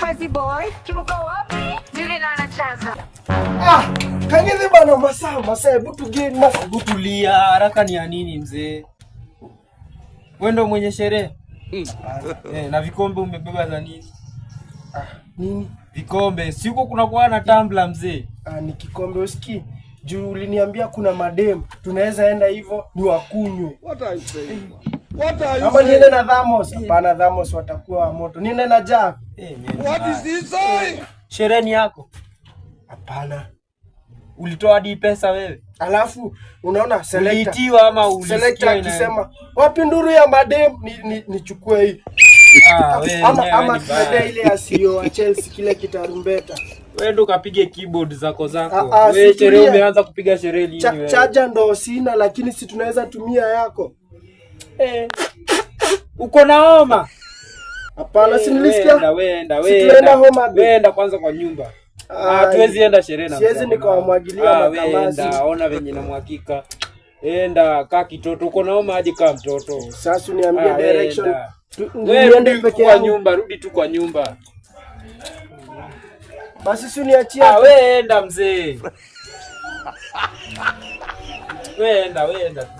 fuzzy boy, tuko wapi? Yule anacheza. Ah, bana masaa masaa, hebu tugeni hebu tulia. Haraka ni ya nini mzee? Wewe ndo mwenye sherehe? Mm. Eh, na vikombe umebeba za nini? Ah, nini? Vikombe. Si kuna kwa na mzee. Ah, ni kikombe usikii? Juu uliniambia kuna madem tunaweza enda hivyo ni wakunywe. What are you saying? Eh, ama niende na Thamos? Eh. Hapana, Thamos watakuwa moto. Niende na Jack. Eh, Shereni yako? Hapana. Ulitoa hadi pesa wewe. Alafu unaona selector. Ulitiwa ama ulisikia selector akisema, "Wapi nduru ya madem nichukue hii." Ah, ama ama e kile kitarumbeta. Ah, ah, umeanza kupiga sherehe Chaja ndo sina lakini si tunaweza tumia yako. Eh. Uko na homa? Hapana, si eh, nilisikia. Wenda, wenda, wenda. Homa wenda kwanza kwa nyumba. Ah, hatuwezi enda sherehe na. Siwezi nikamwagilia ah, makambazi. Wenda, ona venye na mwakika. Enda kaa kitoto, uko na homa aje kaa mtoto. Sasa uniambie ah, direction. Niende peke yangu. Kwa nyumba, rudi tu kwa nyumba. Basi si uniachie. Ah, wewe enda mzee. Wewe enda, wewe enda.